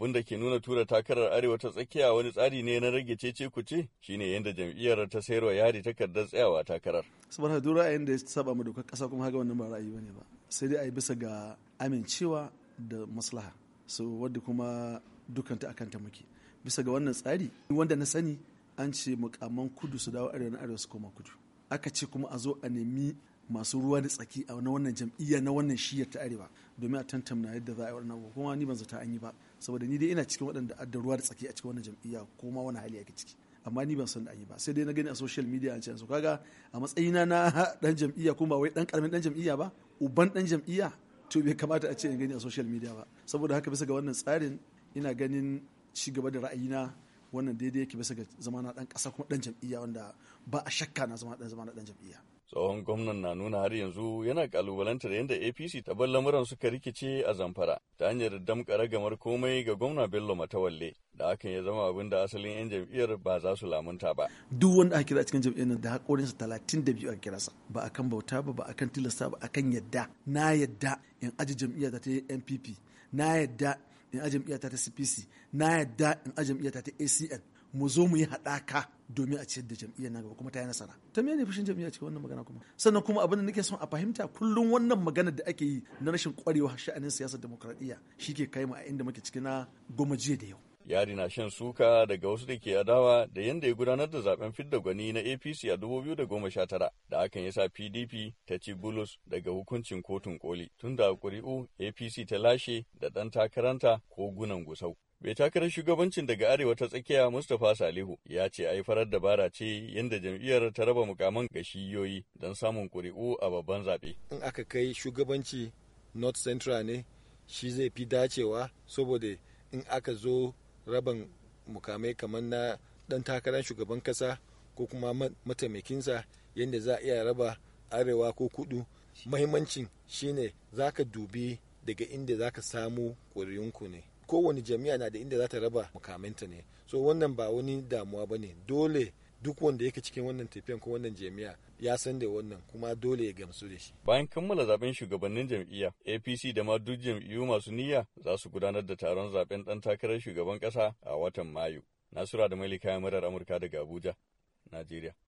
abin da ke nuna tura takarar arewa ta tsakiya wani tsari ne na rage cece kuce shine yadda jam'iyyar ta sayarwa yari takardar tsayawa takarar saboda duk ra'ayin da ya saba mu kasa kuma haka wannan ba ra'ayi bane ba sai dai a yi bisa ga amincewa da maslaha so wadda kuma dukanta akan ta muke bisa ga wannan tsari wanda na sani an ce mukamman kudu su dawo arewa na arewa su koma kudu aka ce kuma a zo a nemi masu ruwa da tsaki a na wannan jam'iyya na wannan shiyar ta arewa domin a tantamna yadda za a yi wannan abu kuma ni ban zata an yi ba saboda ni dai ina cikin waɗanda adda ruwa da tsaki a cikin wannan jam'iyya ko ma wani hali yake ciki amma ni ban san da an yi ba sai dai na gani a social media an ce su kaga a matsayina na dan jam'iyya kuma wai dan karamin dan jam'iyya ba uban dan jam'iyya to bai kamata a ce in gani a social media ba saboda haka bisa ga wannan tsarin ina ganin ci gaba da na wannan daidai yake bisa ga zama na dan ƙasa kuma dan jam'iyya wanda ba a shakka na zama dan zama na dan jam'iyya tsohon gwamnan na nuna har yanzu yana kalubalantar yadda apc ta bar lamuran suka rikice a zamfara ta hanyar damƙa gamar komai ga gwamna bello matawalle da hakan ya zama abin da asalin 'yan jam'iyyar ba za su lamunta ba duk wanda aka kira cikin jam'iyyar nan da haƙorinsa talatin da biyu aka kira sa ba kan bauta ba ba akan tilasta ba akan yadda na yadda in aji jam'iyyar ta ta npp na yadda in aji jam'iyyar ta ta cpc na yadda in aji jam'iyyar ta ta acn mu zo mu yi haɗaka domin a ciyar da jam'iyyar na gaba kuma ta yi nasara ta mene fushin jam'iyyar cikin wannan magana kuma sannan kuma abin da nake son a fahimta kullum wannan magana da ake yi na rashin kwarewa sha'anin siyasar shi ke kai mu a inda muke cikin na goma jiya da yau yari na shan suka daga wasu da ke adawa da yadda ya gudanar da zaben fidda gwani na apc a 2019 da hakan ya sa pdp ta ci bulus daga hukuncin kotun koli tun da kuri'u apc ta lashe da ɗan takaranta ko gunan gusau mai takarar shugabancin daga arewa ta tsakiya Mustapha Salihu ya ce ai farar dabara ce yadda jam'iyyar ta raba mukaman ga shiyoyi don samun ƙuri'u a babban zaɓe. In aka kai shugabanci North Central ne shi zai fi dacewa saboda in aka zo raban mukamai kamar na ɗan takarar shugaban ƙasa ko kuma mataimakinsa yadda za a iya raba arewa ko kudu mahimmancin shine za ka dubi daga inda za ka samu ƙuri'unku ne. kowane jami'a na da inda za ta raba mukamanta ne so wannan ba wani damuwa ba ne dole duk wanda yake cikin wannan tafiyan ko wannan jami'a ya san da wannan kuma dole ya gamsu da shi. Bayan kammala zaben shugabannin jam'iyya, APC da ma duk jam'iyyu masu niyya za su gudanar da taron zaben dan takarar shugaban kasa a watan Mayu. Nasura da kayan Murar Amurka daga Abuja, Najeriya.